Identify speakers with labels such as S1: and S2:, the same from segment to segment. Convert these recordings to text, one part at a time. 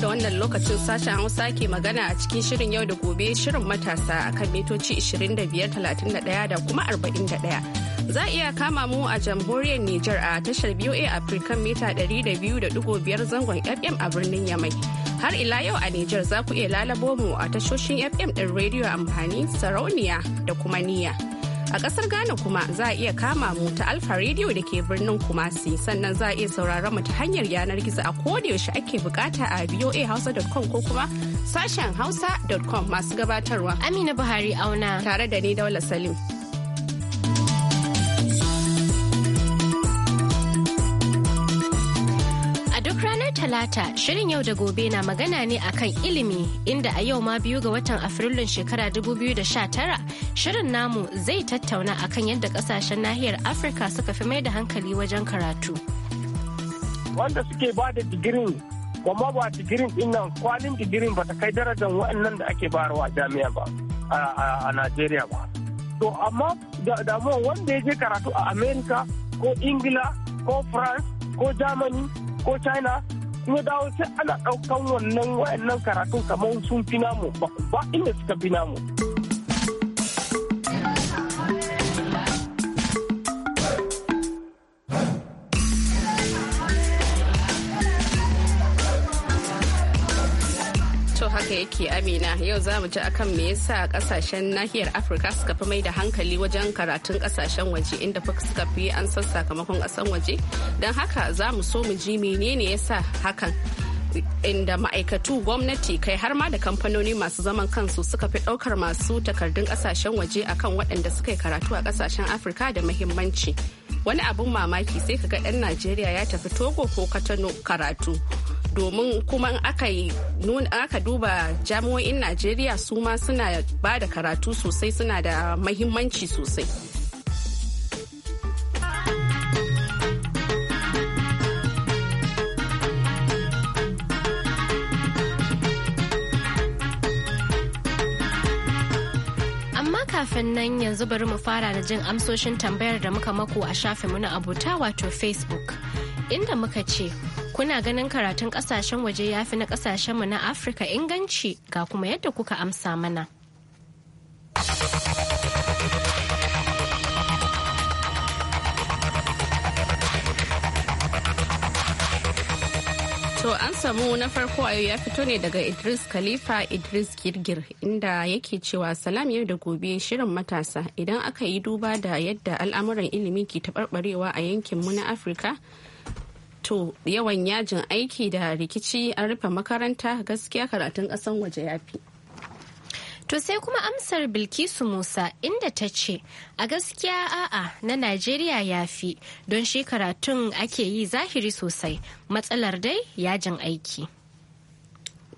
S1: da wannan lokacin sashen Hausa ke magana a cikin shirin yau da gobe shirin matasa akan mitoci 25,31 da kuma 41. Za a iya kama mu a jamhuriyar Nijar a tashar BOA African mita 200.5 zangon FM a birnin Yamai. Har ila yau a Nijar za ku iya lalabo mu a tashoshin FM ɗin rediyo amfani sarauniya da kuma niyya. A ƙasar Ghana kuma za a iya kama mu ta Alfa Radio da ke birnin Kumasi sannan za a iya sauraron mu ta hanyar yanar gizo a yaushe ake bukata a voahausa.com ko kuma sashen hausa.com
S2: masu gabatarwa. Amina Buhari auna. Tare da ni Daula Salim. fata shirin yau da gobe na magana ne akan ilimi inda a yau ma biyu ga watan afrilun shekara 2019 shirin namu zai tattauna akan yadda kasashen nahiyar afirka suka fi mai da hankali wajen karatu
S3: wanda suke ba da digirin kuma ba digirin dinnan kwalin digirin ba ta kai darajar wa'annan da ake bayarwa jami'a ba a najeriya ba to amma damuwa wanda ya je karatu a Amerika ko ingila ko france ko germany ko china ya dawo sai ana ɗaukan wannan wayannan karatun kamar sun fi namu ba inda suka fi namu.
S1: haka yake amina yau za mu ji akan me yasa kasashen nahiyar afirka suka fi mai da hankali wajen karatun kasashen waje inda suka fi an san sakamakon kasan waje don haka za mu so mu ji menene yasa hakan inda ma'aikatu gwamnati kai har ma da kamfanoni masu zaman kansu suka fi daukar masu takardun kasashen waje akan waɗanda suka yi karatu a kasashen afirka da muhimmanci wani abun mamaki sai kaga ɗan najeriya ya tafi togo ko katano karatu domin kuma in aka aka duba jami'o'in najeriya su ma suna ba da karatu sosai suna da mahimmanci sosai
S2: kafin nan yanzu bari mu fara da jin amsoshin tambayar da muka mako a shafinmu na abota wato facebook inda muka ce Kuna ganin karatun kasashen waje ya fi na mu na Afirka inganci ga kuma yadda kuka amsa mana.
S1: To an samu na farko a ya fito ne daga Idris Khalifa Idris Girgir inda yake cewa salam yau da gobe shirin matasa idan aka yi duba da yadda al'amuran ilimi ke taɓarɓarewa a yankinmu na Afirka to yawan yajin
S2: aiki da rikici an rufe makaranta gaskiya karatun ƙasan waje ya fi To sai kuma amsar Bilkisu Musa inda ta ce, A gaskiya a'a na Najeriya ya fi don shi karatun ake yi zahiri sosai matsalar dai yajin aiki.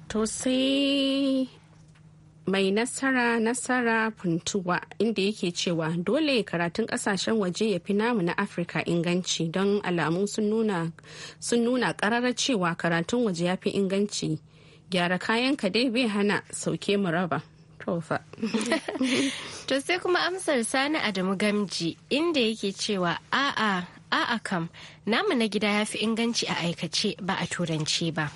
S2: To sai
S1: mai nasara nasara puntuwa inda yake cewa dole karatun kasashen waje ya fi namu na afirka inganci don alamu sun nuna karara cewa karatun waje ya fi inganci gyara kayan ka dai bai hana sauke mu raba
S2: to sai kuma amsar sani adamu gamji inda yake cewa a'a a'a kam namu na gida ya fi inganci a aikace ba a turance ba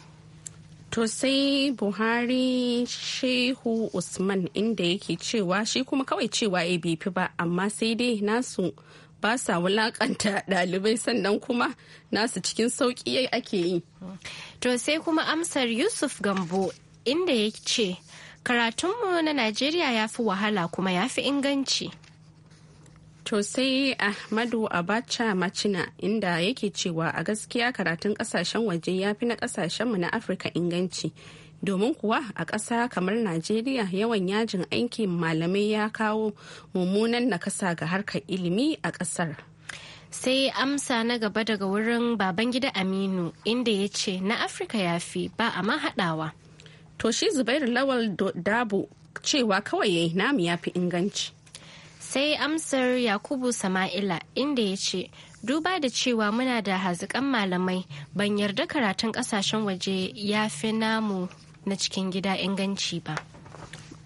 S1: To sai Buhari Shehu Usman inda yake cewa shi kuma kawai cewa ya bifi ba amma sai dai nasu ba sa wulakanta ɗalibai sannan kuma nasu cikin sauƙi ake yi.
S2: To sai kuma amsar Yusuf Gambo inda ya ce karatunmu na Najeriya ya fi wahala kuma ya fi inganci. To sai
S1: Ahmadu Abacha Machina inda yake cewa a gaskiya karatun kasashen waje ya fi na kasashenmu na Afirka inganci. Domin kuwa a ƙasa kamar Najeriya yawan yajin aikin malamai ya kawo mummunan nakasa ga harkar ilimi a ƙasar.
S2: sai amsa na gaba daga wurin babangida aminu inda ya ce na afirka ya fi ba a ma haɗawa to shi zubairu lawal dabo cewa kawai yayi namu ya fi inganci sai amsar yakubu sama'ila inda ya ce duba da cewa muna da haziƙan malamai ban yarda karatun ƙasashen waje ya fi namu na cikin gida inganci ba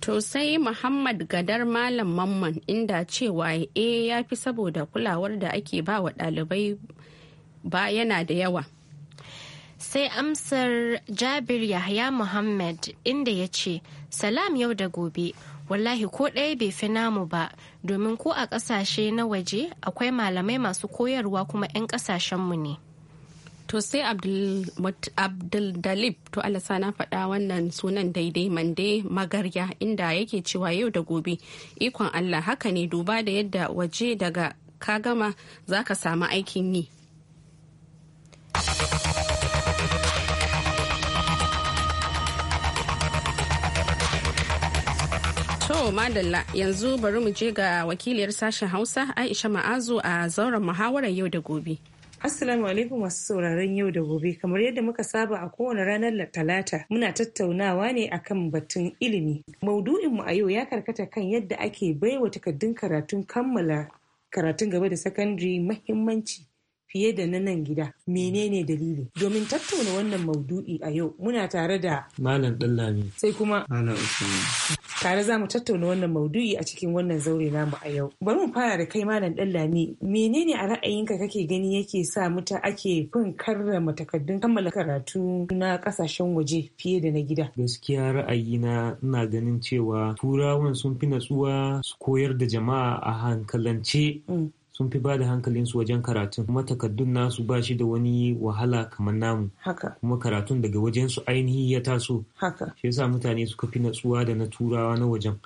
S1: to sai muhammad gadar malam mamman inda cewa eh ya fi saboda kulawar
S2: da ake ba wa ɗalibai ba yana da yawa sai amsar jabir yahya muhammad inda ya ce salam yau da gobe wallahi ko ɗaya bai fi namu ba domin ko a ƙasashe na waje akwai malamai masu koyarwa kuma 'yan ƙasashenmu ne to sai abdul
S1: to alasa na faɗa wannan sunan daidai mande magarya inda yake cewa yau da gobe ikon allah haka ne duba da yadda waje daga ka gama za ka samu aikin yi To madalla yanzu bari mu je ga wakiliyar sashen Hausa Aisha Ma'azu a
S4: zauren muhawarar yau da gobe. Assalamu alaikum masu sauraron yau da gobe kamar yadda muka saba a kowane ranar talata muna tattaunawa ne akan batun ilimi. maudu'in mu a yau ya karkata kan yadda ake baiwa takardun karatun kammala karatun gaba da sakandare mahimmanci fiye da na nan gida menene mm. dalili domin tattauna wannan maudu'i a yau muna tare da
S5: malam dallami sai kuma malam usman
S4: tare za mu tattauna wannan maudu'i a cikin wannan zaure namu a yau bari mu fara da kai malam dallami menene a ra'ayinka kake gani yake sa muta ake fin karrama takardun kammala karatu na kasashen waje fiye da na gida
S5: gaskiya ra'ayina ina ganin cewa turawan sun fi natsuwa su koyar da jama'a a hankalance mm. sun fi bada hankalinsu wajen karatun kuma takaddun nasu ba shi da wani wahala kamar namu haka kuma karatun daga wajen su ainihi ya taso haka shi yasa mutane suka fi natsuwa da na turawa na wajen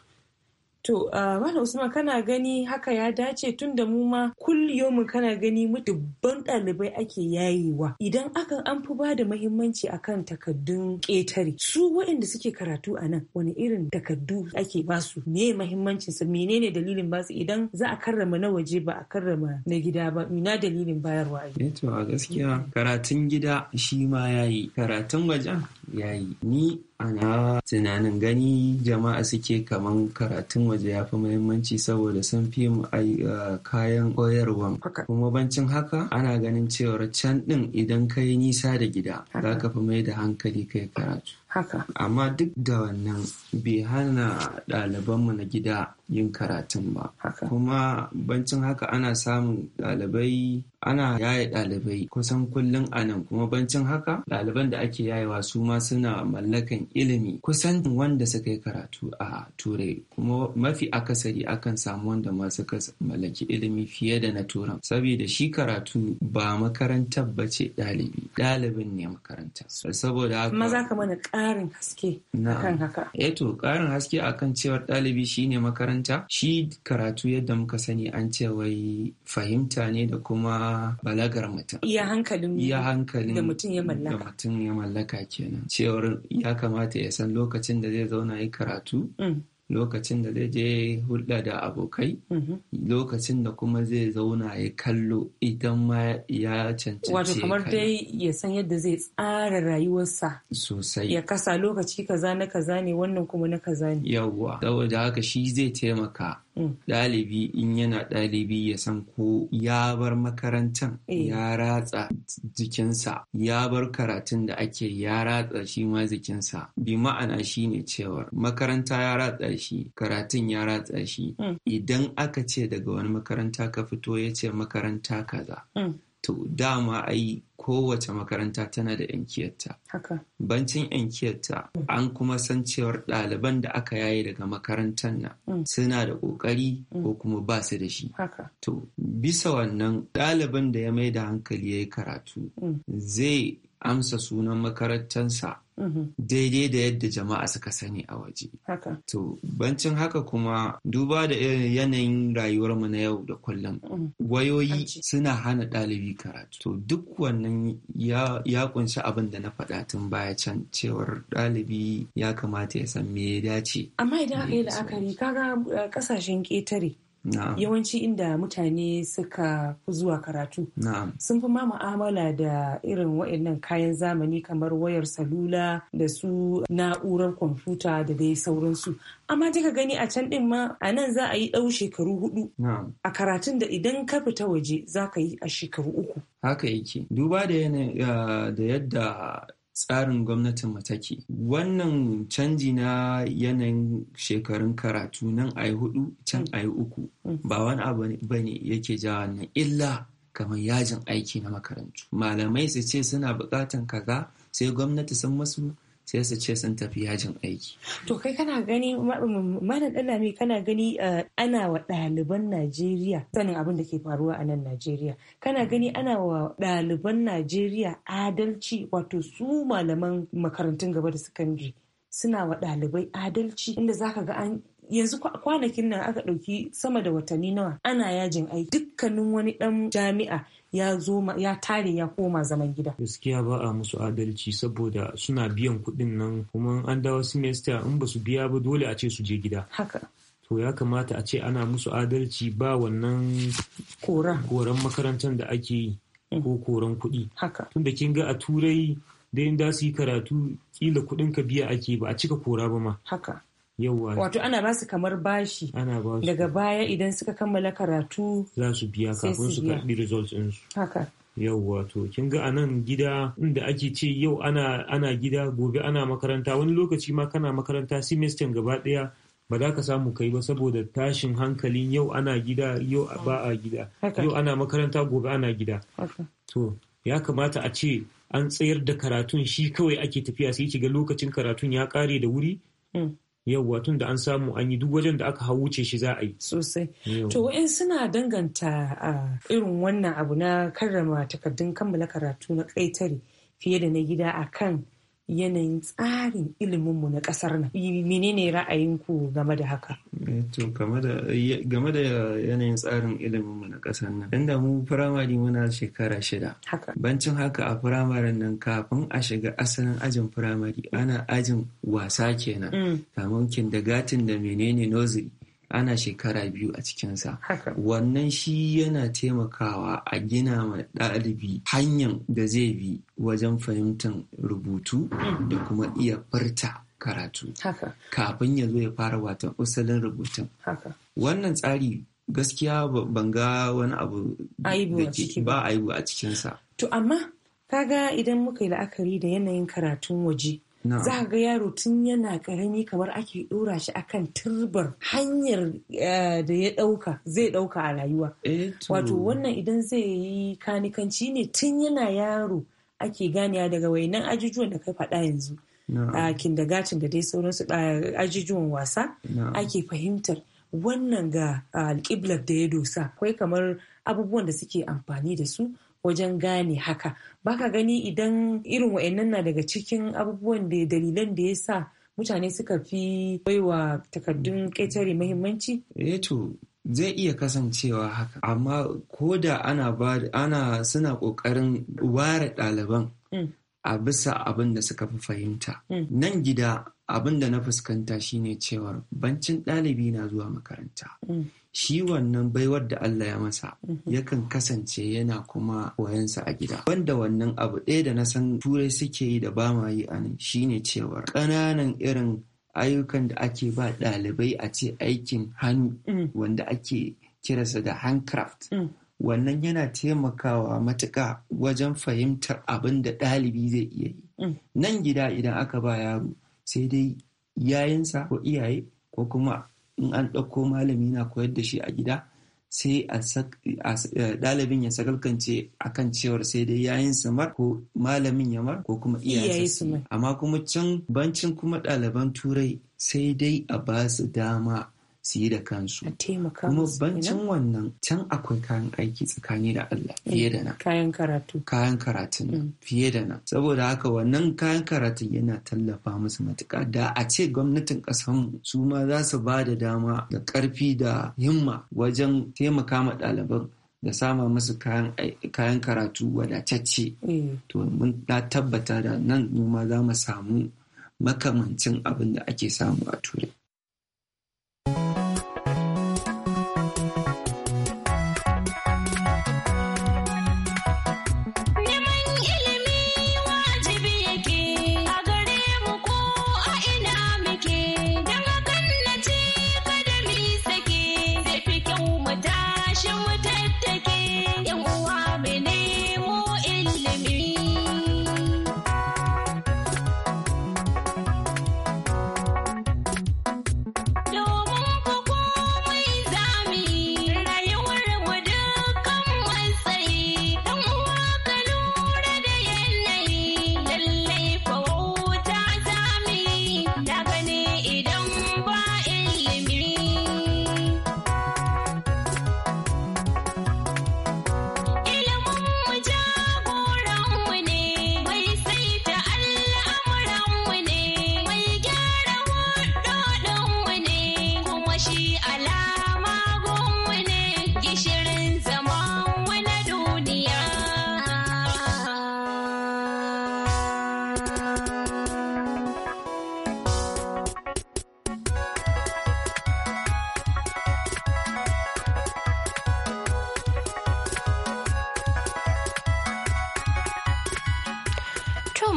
S4: To, Malam Usman kana gani haka ya dace tun da mu ma mu kana gani mu dubban ɗalibai ake yayewa. Idan akan an fi ba da mahimmanci akan takaddun ƙetare. Su waɗanda suke karatu a nan wani irin takaddu ake basu me mahimmancin mene menene dalilin basu idan za a karrama na waje ba a karrama na gida ba ina dalilin bayarwa.
S6: Eh to a gaskiya karatun gida shi ma yayi karatun wajen yayi ni ana tunanin gani jama'a suke kaman karatun waje ya fi muhimmanci saboda sun fi mu eh, kayan koyarwan kuma bancin haka ana ganin cewar can din idan ka yi nisa da gida za ka fi mai da hankali kai karatu haka amma duk da wannan bai hana ɗalibanmu na gida yin karatun ba haka kuma bancin haka ana samun ɗalibai ana yaye ɗalibai kusan kullum a nan kuma bancin haka ɗaliban da ake yayewa su ma suna mallakan ilimi kusan wanda suka yi karatu a turai kuma mafi akasari akan samu wanda ma mallaki ilimi fiye da na turan saboda shi karatu ba makarantar bace ɗalibi ɗalibin ne makaranta ƙarin haske kan haka. Eto eh ƙarin haske a kan cewar ɗalibi shine makaranta shi karatu yadda muka sani an ce wai fahimta ne da kuma balagar mutum. Iya
S4: hankalin iya
S6: hankalin da mutum ya mallaka. Da mutum ya mallaka kenan. Cewar ya kamata ya san lokacin da zai zauna yi karatu. Mm. lokacin da zai je hulɗa da abokai mm-hmm. lokacin da kuma zai zauna ya kallo idan ma ya cancanci wato kamar
S4: dai ya san yadda zai tsara rayuwarsa
S6: sosai ya
S4: kasa lokaci kaza na kaza ne wannan kuma na kaza ne
S6: yawwa saboda haka shi zai taimaka ɗalibi in yana ɗalibi ya san ko ya bar makarantan eh. ya ratsa jikinsa ya bar karatun da ake ya ratsa shi ma jikinsa bi ma'ana shi ne cewar makaranta ya ratsa shi karatun ya ratsa shi mm. idan aka ce daga wani makaranta ka fito ya ce makaranta kaza mm. to dama ai kowace makaranta tana da yankiyarta. Bancin yankiyarta an kuma san cewar ɗaliban da aka yaye daga makarantar nan mm. suna da ƙoƙari mm. ko kuma ba su da shi. To bisa wannan ɗaliban da ya mai da hankali ya yi karatu mm. zai amsa sunan makarantarsa Mm-hmm. daidai da yadda jama'a suka sani a waje. To, bancin haka kuma duba da yanayin rayuwarmu na yau da kullum, mm-hmm. wayoyi suna hana ɗalibi karatu. To, duk wannan ya kunshi abin da na faɗa tun baya can cewar ɗalibi ya kamata ya san me ya dace.
S4: Amma idan aka yi la'akari, kaga uh, ƙasashen ƙetare. yawanci inda mutane suka fi zuwa karatu sun fi ma mu'amala da irin waɗannan kayan zamani kamar wayar salula da su na'urar kwamfuta da dai sauransu amma ka gani a can din ma a nan za a yi ɗau shekaru hudu a karatun da idan ka fita waje
S6: za ka yi a shekaru uku haka yake duba da eh, yadda tsarin gwamnatin take. Wannan canji na yanayin shekarun karatu nan a hudu can a uku ba wani abu bane yake ja wannan illa kamar yajin aiki na makarantu. Malamai su ce suna bukatan kaza sai gwamnati sun masu sai su ce sun tafi yajin aiki.
S4: To kai kana gani malam ɗanami kana gani eh, ana wa ɗaliban Najeriya sanin abin da ke faruwa a nan Najeriya. Kana gani ana wa ɗaliban Najeriya adalci wato su malaman makarantun gaba da sakandare suna wa ɗalibai adalci inda zaka ga an yanzu kwanakin nan aka ɗauki sama da watanni nawa ana yajin aiki dukkanin wani ɗan jami'a ya zo ya tare ya koma zaman gida
S5: gaskiya ba a musu adalci saboda suna biyan kuɗin nan kuma an dawo semester in ba su biya ba dole a ce su je gida haka to ya kamata a ce ana musu adalci ba wannan koran makarantar da ake yi mm. ko koran kuɗi tunda kin ga a turai da yin da su yi karatu kila kuɗin ka biya ake ba a cika kora ba ma haka wato ana basu kamar bashi daga
S4: baya idan suka kammala karatu
S5: za su biya kafin su karbi results din su haka yau to kin ga anan gida inda ake ce yau ana gida gobe ana makaranta wani lokaci ma kana makaranta semester gaba daya ba za ka samu kai ba saboda tashin hankalin yau ana gida yau ba a gida yau ana makaranta gobe ana gida to ya kamata a ce an tsayar da karatun shi kawai ake tafiya sai ki ga lokacin karatun ya kare da wuri hmm. yawwa tun da an samu an yi duk wajen da aka hau wuce shi za a yi sosai to
S4: wa'in suna danganta a irin wannan abu na karrama takardun kammala karatu na ƙaitare fiye da na gida a kan. yanayin tsarin iliminmu na ƙasar nan menene ra'ayinku game da
S6: haka eh, to game da yanayin tsarin iliminmu na ƙasar nan inda mu firamare muna shekara shida haka bancin haka a firamaren nan kafin a shiga asalin ajin firamare ana ajin wasa kenan mm. kamun kindergarten da menene nursery ana shekara biyu a cikinsa wannan shi yana taimakawa a gina ma ɗalibi hanyar da zai bi wajen fahimtar rubutu da kuma iya farta karatu kafin ya zo ya fara watan usalin rubutun wannan tsari gaskiya banga ga wani abu da ke ba aibu a cikinsa
S4: to amma kaga idan muka yi la'akari da yanayin karatun waje za a ga yaro tun yana karami kamar ake dora shi akan turbar hanyar eh, da ya dauka zai dauka a rayuwa eh wato wannan idan zai yi kanikanci ne tun yana yaro ake ganiya daga wainan ajujuwan da kai faɗa yanzu a ah, kindagacin da dai sauransu ah, ajujuwan wasa ake fahimtar wannan ga ah, alƙiblar da ya dosa akwai kamar abubuwan da suke amfani da su wajen gane haka baka gani idan irin wa'annan na daga cikin abubuwan da dalilan da ya sa mutane suka fi baiwa takardun ƙetare mahimmanci?
S6: Eto eh zai iya kasancewa haka amma ko da ana, ana suna ƙoƙarin ware ɗaliban mm. a bisa abin da suka fi fahimta. Mm. Nan gida abin da na fuskanta shine cewar bancin ɗalibi na zuwa makaranta mm. shi wannan baiwar da Allah ya masa mm-hmm. yakan kasance yana kuma koyansa a gida wanda wannan abu ɗaya da na san turai suke yi da ba yi a nan shine cewar ƙananan irin ayyukan da ake ba ɗalibai a ce aikin hannu mm. wanda ake kirasa da handcraft mm. wannan yana taimakawa matuka wajen fahimtar abin da ɗalibi zai iya yi nan gida idan aka ba yaro sai dai yayinsa ko iyaye ko kuma in an ɗauko malami na koyar da shi a gida sai eh, ɗalibin ya sakalkance a kan cewar sai dai yayin samar ko malamin ya mar ko kuma iyayensa amma kuma can bancin kuma ɗaliban turai sai dai a ba su dama su yi da kansu kuma bancin wannan can akwai kayan aiki tsakani da Allah eh, fiye da na kayan karatu kayan mm. fiye da na saboda haka wannan kayan karatu yana tallafa musu matuƙa da a ce gwamnatin ƙasar su ma za su ba da dama da ƙarfi da himma wajen taimaka ma ɗaliban da sama musu kayan karatu wadatacce eh. to mun tabbata da nan mu ma za mu samu makamancin abin da ake samu a turai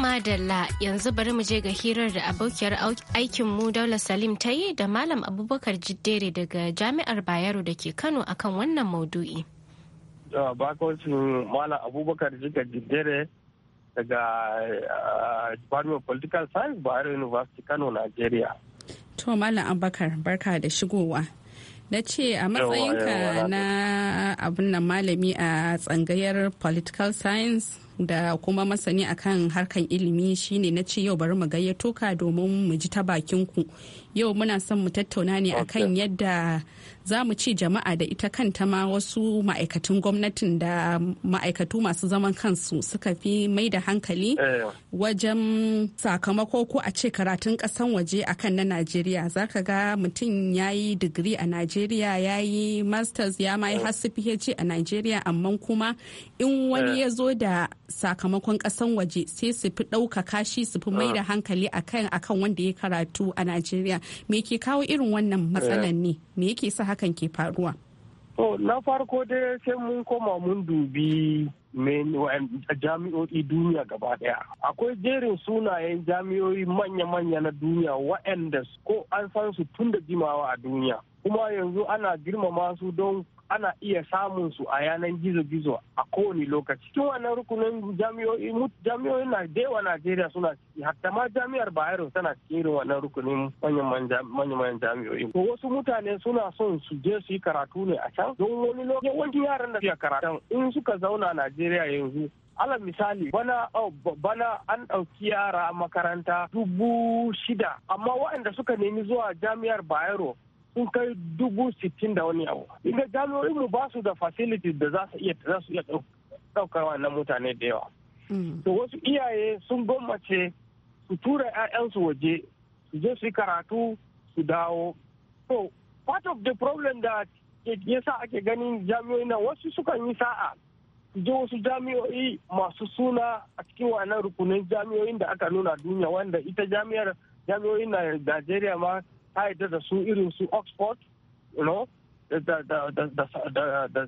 S2: madalla yanzu bari mu je ga hirar da abokiyar aikinmu daula salim ta yi da malam abubakar jiddere daga jami'ar bayero da ke kano akan wannan maudu'i
S3: bakon malam abubakar jika jiddere daga eh, department of political science bayero university kano nigeria
S1: to malam abubakar barka da shigowa na ce a matsayinka na abin nan malami a tsangayar political science da kuma masani akan harkan ilimi shine na ce yau bari mu gayyato ka domin mu ji ta bakin ku yau muna son mu tattauna ne akan yadda za mu ci jama'a da ita kanta ma wasu ma'aikatan gwamnatin da ma'aikatu masu zaman kansu suka fi mai da hankali eh. wajen sakamako ko a ce karatun kasan waje akan na najeriya za ka ga mutum ya yi digiri a najeriya ya yi masters ya ma yi eh. hasu phd a najeriya amma kuma in wani eh. ya zo da sakamakon kasan waje sai su fi ɗaukaka shi su fi mai ah. da hankali akan akan wanda ya karatu a najeriya me ke kawo irin wannan matsalan eh. ne me yake sa hakan ke faruwa
S3: na farko dai sai mun koma mun dubi jami'o'i duniya gaba daya akwai jerin sunayen jami'o'i manya-manya na duniya waɗanda ko an san su tun da jimawa a duniya kuma yanzu ana girmama su don ana iya samun su a yanar gizo-gizo a kowane lokaci cikin wannan rukunin jami'o'i na da najeriya suna ciki hatta ma jami'ar bayero tana cikin irin wannan rukunin manyan jami'o'i to wasu mutane suna son su je su yi karatu ne a can don wani lokaci yawancin yaran da suke karatu in suka zauna najeriya yanzu ala misali bana oh, bana an ɗauki yara makaranta dubu shida amma waɗanda suka nemi zuwa jami'ar bayero sun kai dubu sittin da wani abu inda jami'o'in mu ba su da facilities da za su iya za su iya mutane da yawa mm. to wasu iyaye sun gwammace su tura 'ya'yansu waje su je su yi karatu su dawo so part of the problem da ya sa ake ganin jami'o'i na wasu sukan yi sa'a su je wasu jami'o'i masu suna a cikin wannan rukunin jami'o'in da aka nuna duniya wanda ita jami'ar jami'o'in na Najeriya ma ta yadda da su irin su oxford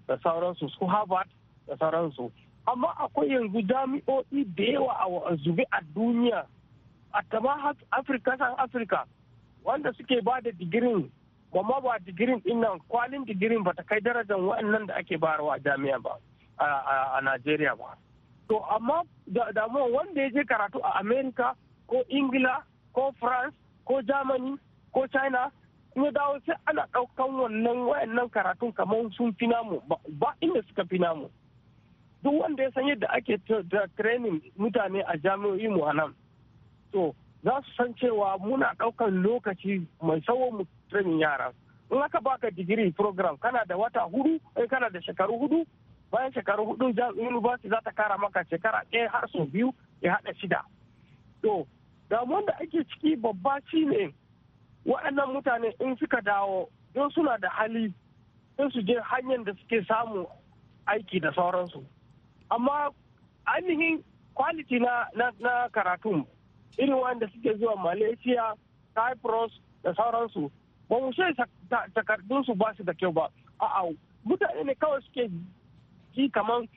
S3: da sauransu su harvard da sauransu amma akwai yanzu jami'o'i da yawa a zube a duniya a taba afirka san afirka wanda suke ba da digirin amma ba digirin dinnan kwalin digirin ba ta kai darajar wa'annan da ake bayarwa jami'a ba a najeriya ba to amma damuwa wanda ya je karatu a Amerika ko ingila ko france ko germany ko china in ya dawo sai ana ɗaukan wannan wayannan karatun kamar sun fi namu ba inda suka fi namu duk wanda ya san yadda ake da training mutane a jami'o'i mu a nan to za su san cewa muna ɗaukan lokaci mai tsawon mu training yara in aka baka digiri program kana da wata hudu eh kana da shekaru hudu bayan shekaru hudu university za ta kara maka shekara ɗaya har sau biyu ya haɗa shida to damuwan da ake ciki babba shine ne waɗannan mutane in suka dawo in suna da hali in su je hanyar da suke samu aiki da sauransu amma ainihin kwaliti na, karatu na irin wanda suke zuwa malaysia cyprus da sauransu ba mu sai takardunsu ba su da kyau ba a'a mutane ne kawai suke ji kamar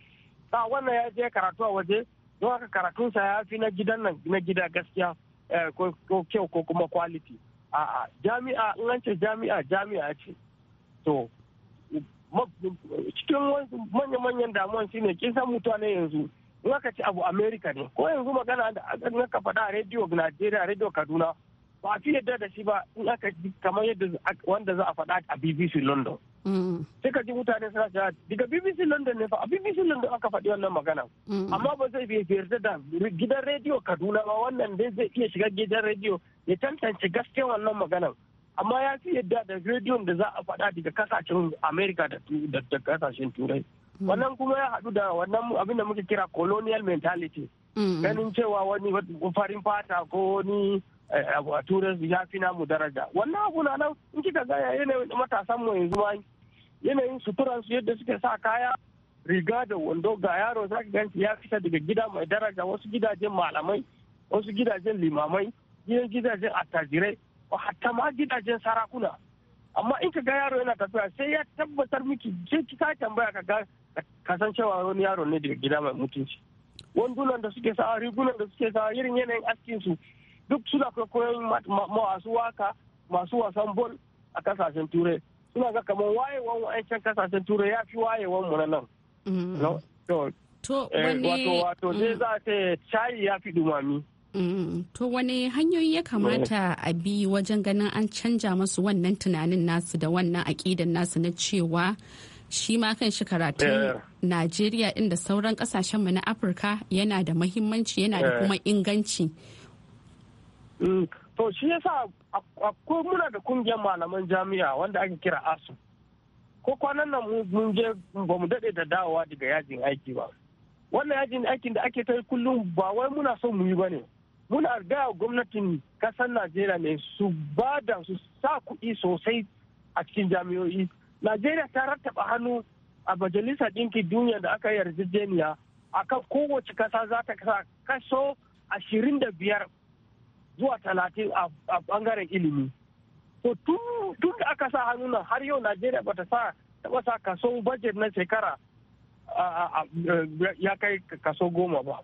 S3: ta ah, wannan ya je karatu a waje don haka karatunsa ya fi na gidan nan na gida gaskiya eh, ko kyau ko kuma kwaliti a'a jami'a in an ce jami'a jami'a ce to cikin manya-manyan damuwan shine kin san mutane yanzu in aka ci abu america ne ko yanzu magana da aka faɗa a rediyo najeriya rediyo kaduna ba a fi yadda da shi ba in aka ji kamar yadda wanda za a faɗa a bbc london mm. sai ka ji mutane suna shi daga bbc london ne fa a bbc london aka faɗi wannan magana mm. amma ba zai fiye da gidan rediyo kaduna ba wannan dai zai iya shiga gidan rediyo ya tantance gaske wannan maganan amma ya fi yadda da rediyon da za a faɗa daga kasashen amerika da kasashen turai hmm. wannan kuma ya haɗu da wannan abin da muke kira colonial mentality hmm. ganin cewa wani farin fata ko wani eh, a turai ya fi namu daraja wannan abu na nan in kika ga yanayin matasan mu yanzu ma yanayin suturan su yadda suke sa kaya riga da wando ga yaro za ka ganci ya fita daga gida mai daraja wasu gidajen malamai wasu gidajen limamai gidajen attajirai ko hatta ma gidajen sarakuna amma in ka ga yaro yana tafiya sai ya tabbatar miki je ki ka tambaya ka ga kasancewa wani yaro ne daga gida mai mutunci wandunan da suke sawa rigunan da suke sawa irin yanayin askin su duk suna kwaikwayon masu waka masu wasan bol a kasashen turai suna ga kamar wayewan wa'ancan kasashen turai ya fi wayewan mu na nan mm-hmm. eh, wato wato sai mm. za ta cayi ya fi dumami
S1: To wani hanyoyi ya kamata a bi wajen ganin an canja masu wannan tunanin nasu da wannan aƙidan nasu na cewa shi ma kan shi karatun eh. Najeriya inda sauran kasashen mu na Afirka yana da mahimmanci yana da eh. kuma inganci.
S3: Mm. To shi yasa akwai muna da kungiyar malaman jami'a wanda ake kira ASU. Ko kwanan nan mun je ba mu daɗe da dawowa daga yajin aiki ba. Wannan yajin aikin da ake ta kullum ba wai muna son mu yi ba ne. muna gaya gwamnatin kasar najeriya ne su ba da su sa kuɗi sosai a cikin jami'o'i najeriya ta rattaba hannu a majalisar ɗinkin duniya da aka yarjejeniya kan kowace kasa za ta kasa kaso ashirin da biyar zuwa talatin a bangaren ilimi to tun da aka sa hannu nan har yau najeriya ba ta sa taɓa sa kaso bajet na shekara ya kai kaso goma ba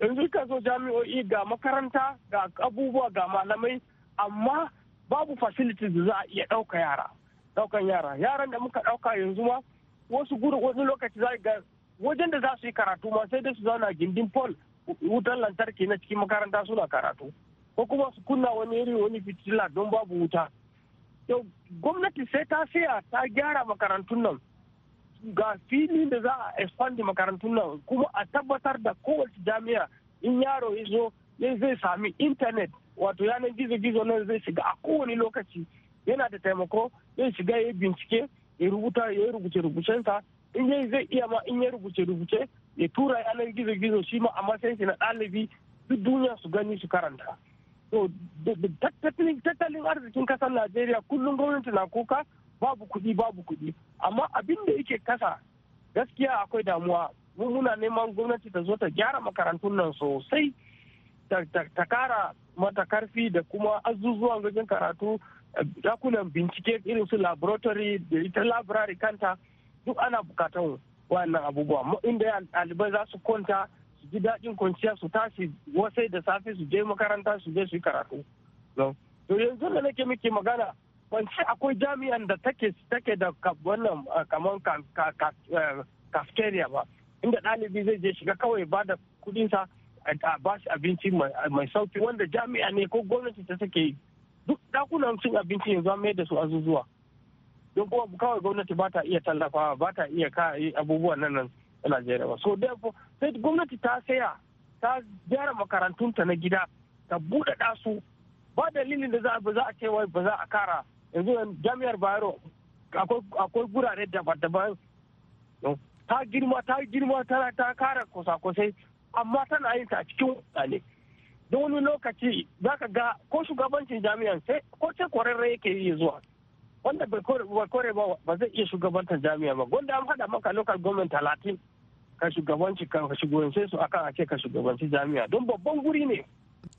S3: yanzu ka zo jami'o'i ga makaranta ga abubuwa ga malamai amma babu facilities da za a iya ɗauka yara ɗaukan yara yaran da muka ɗauka yanzu ma wasu guri wani lokaci za ga wajen da za su yi karatu ma sai dai su zauna gindin pol wutan lantarki na cikin makaranta suna karatu ko kuma su kunna wani iri wani fitila don babu wuta yau gwamnati sai ta siya ta gyara makarantun nan ga filin da za a expand makarantun nan kuma a tabbatar da kowace jami'a in yaro ya zo zai sami intanet wato yanar gizo-gizo nan zai shiga a kowane lokaci yana da taimako zai shiga ya bincike ya rubuta ya rubuce rubucensa in yai zai iya ma in ya rubuce rubuce ya tura yanar gizo-gizo shi ma a matsayin na ɗalibi duk duniya su gani su karanta to tattalin arzikin kasar najeriya kullum gwamnati na kuka babu kuɗi babu kuɗi amma abin da yake kasa gaskiya akwai damuwa mu muna neman gwamnati ta zo ta gyara makarantun nan sosai ta kara mata karfi da kuma azuzuwan wajen karatu dakunan eh, bincike irin su laboratory da ita library kanta duk ana bukatan wannan abubuwa inda ɗalibai za su kwanta su ji daɗin kwanciya su tashi wasai da safe su je makaranta su je su yi karatu to yanzu da nake muke magana kwanci akwai jami'an da take take da wannan eh, kamar eh, cafeteria ba inda ɗalibi zai je shiga kawai ba da kudinsa a ba shi abinci mai sauki wanda jami'a ne ko gwamnati ta take yi duk dakunan cin abinci yanzu mai da su azuzuwa don kuma kawai gwamnati ba ta iya tallafawa ba ta iya abubuwan nan nan a Najeriya ba so therefore sai gwamnati ta saya ta gyara makarantunta na gida ta buɗaɗa su ba dalilin da za a ce wai ba za a kara yanzu jami'ar bayero akwai gurare daban-daban ta girma ta girma ta kara kusa-kusai amma tana yin ta cikin mutane don wani lokaci za ka ga ko shugabancin jami'an sai ko ce kwararre yake yi zuwa wanda bai kore ba ba zai iya shugabantar jami'a ba wanda an haɗa maka local government talatin ka shugabanci ka shugabance su akan a ka shugabanci jami'a don babban guri ne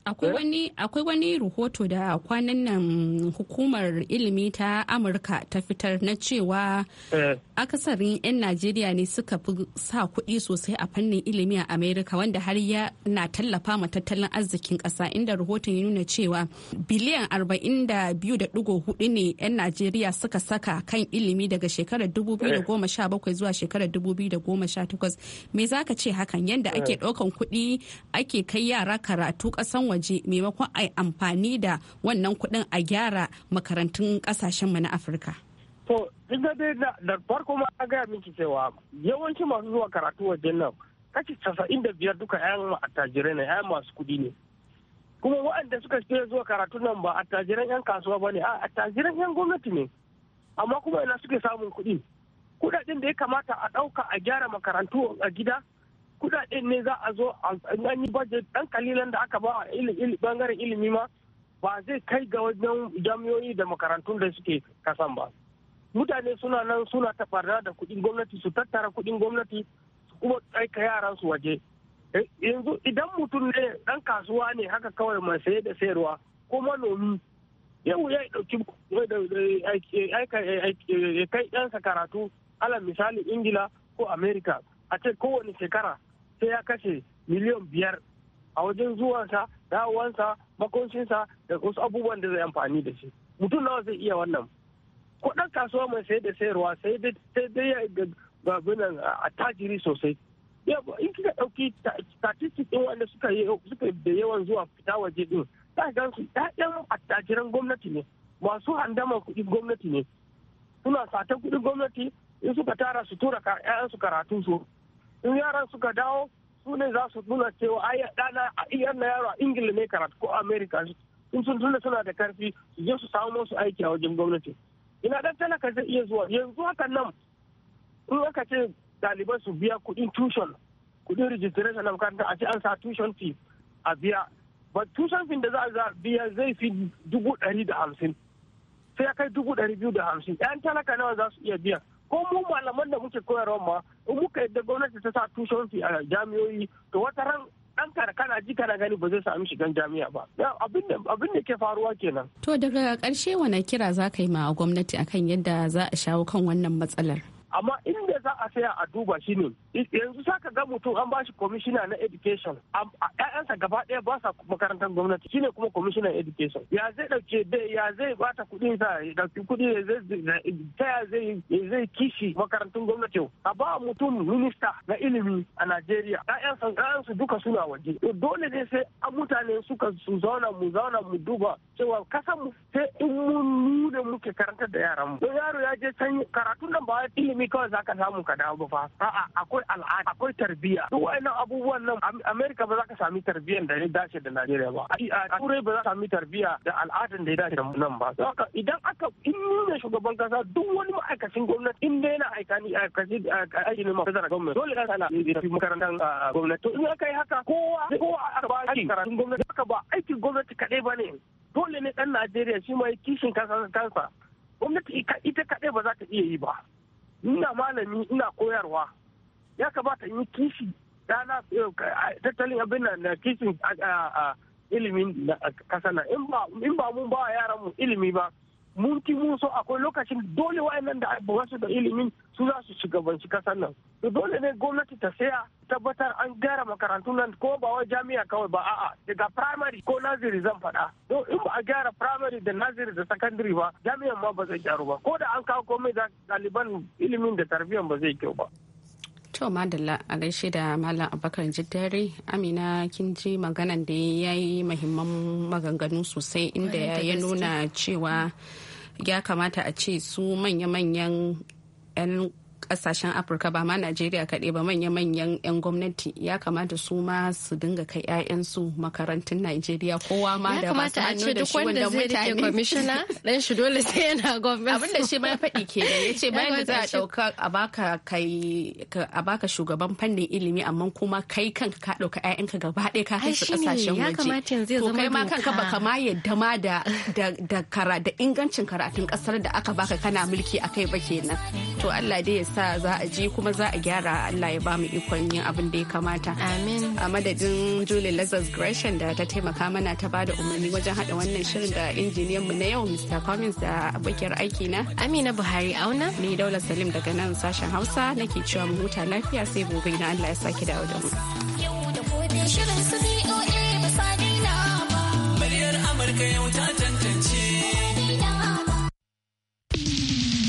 S3: Eh?
S2: akwai
S1: wani akwai rahoto da kwanan nan hukumar ilimi ta amurka ta fitar na cewa eh. akasarin 'yan najeriya ne suka fi sa kuɗi sosai a fannin ilimi a amerika wanda har ya na tallafa ma tattalin arzikin ƙasa inda rahoton ya nuna cewa biliyan 42.4 ne 'yan najeriya suka saka kan ilimi daga shekarar 2017 eh. zuwa shekarar 2018 me za ka ce hakan yadda ake ɗaukan kuɗi ake kai yara karatu ƙasan waje maimakon a amfani da wannan kuɗin a gyara makarantun ƙasashenmu na afirka
S3: to duk dai da farko ma a gaya miki cewa yawanci masu zuwa karatu wajen nan kashi casa'in da biyar duka 'yan attajirai ne 'yan masu kuɗi ne kuma waɗanda suka ce zuwa karatu nan ba attajiran 'yan kasuwa ba ne a attajiran 'yan gwamnati ne amma kuma ina suke samun kuɗi kuɗaɗen da ya kamata a ɗauka a gyara makarantu a gida kudaden ne za a zo a yi budget dan kalilan da aka ba bangaren ilimi ma ba zai kai ga wajen jami'oyi da makarantun da suke kasan ba mutane suna nan suna tafarda da kudin gwamnati su tattara kudin gwamnati su kuma aika yaran su waje eh, yanzu idan mutum ne dan kasuwa ne haka kawai mai saye da sayarwa ko manomi yau ya dauki ya kai ɗansa karatu alal misali ingila ko america a ce kowane shekara sai ya kashe miliyan biyar a wajen zuwansa dawowansa makoncinsa da wasu abubuwan da zai amfani da shi mutum nawa zai iya wannan kudin kasuwa mai sayar da sayarwa sai dai ya ga a attajiri sosai in kika ɗauki statistics ɗin wanda suka yi da yawan zuwa fita waje ɗin za ka su ɗayan attajiran gwamnati ne masu handama kuɗi gwamnati ne suna sata kuɗin gwamnati in suka tara su tura 'ya'yansu karatun su in yaran suka dawo su ne za su nuna cewa ai dana iyan na yaro a ingila ne karatu ko america in sun tuna suna da karfi su je su samu musu aiki a wajen gwamnati ina dan talaka zai iya zuwa yanzu hakan nan in aka ce daliban su biya kuɗin tushen kuɗin registration na makaranta a ce an sa tushen fee a biya ba tushen fee da za a biya zai fi dubu ɗari da hamsin sai ya kai dubu ɗari biyu da hamsin yan talaka nawa za su iya biya ko mu malaman da muke koyarwa ma in muka yadda gwamnati ta sa fi a jami'oyi to wata ran ɗan kana ji kana gani ba zai sami shigan jami'a ba abin da ke faruwa kenan.
S1: to daga karshe wani kira za ka yi ma gwamnati akan yadda za a shawo kan wannan matsalar.
S3: amma inda za a saya a duba shi ne. yanzu ka ga mutum an bashi komishina na education ƴaƴansa gaba ɗaya ba sa makarantar gwamnati shine kuma komishina education ya zai dauke ya zai bata kuɗi sa ya dauki kuɗi ta ya zai kishi makarantun gwamnati a ba mutum minista na ilimi a Najeriya ƴaƴansa ƴaƴansu duka suna waje dole ne sai mutane suka su zauna mu zauna mu duba cewa kasan mu sai in mun nuna muke karantar da yaran mu yaro ya je sanyi karatu nan ba ilimi kawai zaka samu ka dawo ba fa a'a akwai akwai al'ada akwai tarbiyya duk wa'annan abubuwan nan amerika ba za ka sami tarbiyyar da ya dace da najeriya ba a turai ba za ka sami tarbiyya da al'adan da ya dace da nan ba idan aka in ne shugaban kasa duk wani ma'aikacin gwamnati in dai na aikani aikaci aiki ne masu zarar gwamnati dole ka sana na da makarantar gwamnati to in aka yi haka kowa kowa a ba aikin karatun gwamnati haka ba aikin gwamnati kaɗai ba ne dole ne ɗan najeriya shi ma kishin kansa kansa gwamnati ita kaɗai ba za ta iya yi ba ina malami ina koyarwa ya kamata in yi kishi rana eh, tattalin abin na kishin ilimin kasa na in ba mun ba yaran mu ilimi ba mun ki mun so akwai lokacin dole wa'annan da ba su da ilimin su za su shugabanci kasar nan to dole ne gwamnati ta saya tabbatar an gyara makarantu nan ko ba wai jami'a kawai ba a'a daga primary ko naziri zan faɗa to in ba a gyara primary da naziri da secondary ba jami'an ma ba zai gyaru ba ko da an kawo komai da ɗaliban ilimin da tarbiyyan ba zai kyau ba
S1: To Madalla a gaishe da Malam Abubakar Jiddare Amina kin ji maganan da ya yi mahimman maganganu sosai inda ya nuna cewa ya kamata a ce su manya-manyan 'yan kasashen afirka ba ma najeriya kaɗai ba manya-manyan 'yan gwamnati ya kamata su ma su dinga kai 'ya'yansu makarantun najeriya kowa ma da su hannu da shi wanda mutane kwamishina
S2: dan shi dole sai yana gwamnati abin da shi ma ya faɗi ke da ya ce bayan da za a ɗauka
S1: a baka kai a baka shugaban fannin ilimi amma kuma kai kanka ka ɗauka 'ya'yanka gaba ɗaya ka kai su kasashen waje to kai ma kanka baka ma yadda ma da da da ingancin karatun kasar da aka baka kana mulki akai ba kenan to Allah dai ya sa sa za a ji kuma za a gyara Allah ya ba mu ikon yin abin da ya kamata. Amin. A madadin Julie Lazarus Gresham da ta taimaka mana ta bada umarni wajen haɗa wannan shirin da injiniyan mu na yau Mr. Cummins da abokiyar aiki na. Amina Buhari Auna. Ni Daula Salim daga nan sashen Hausa nake cewa mu huta lafiya sai gobe na Allah ya
S5: saki dawo da mu. Yau da shirin su BOA ba sa daina ba. Muryar Amurka yau ta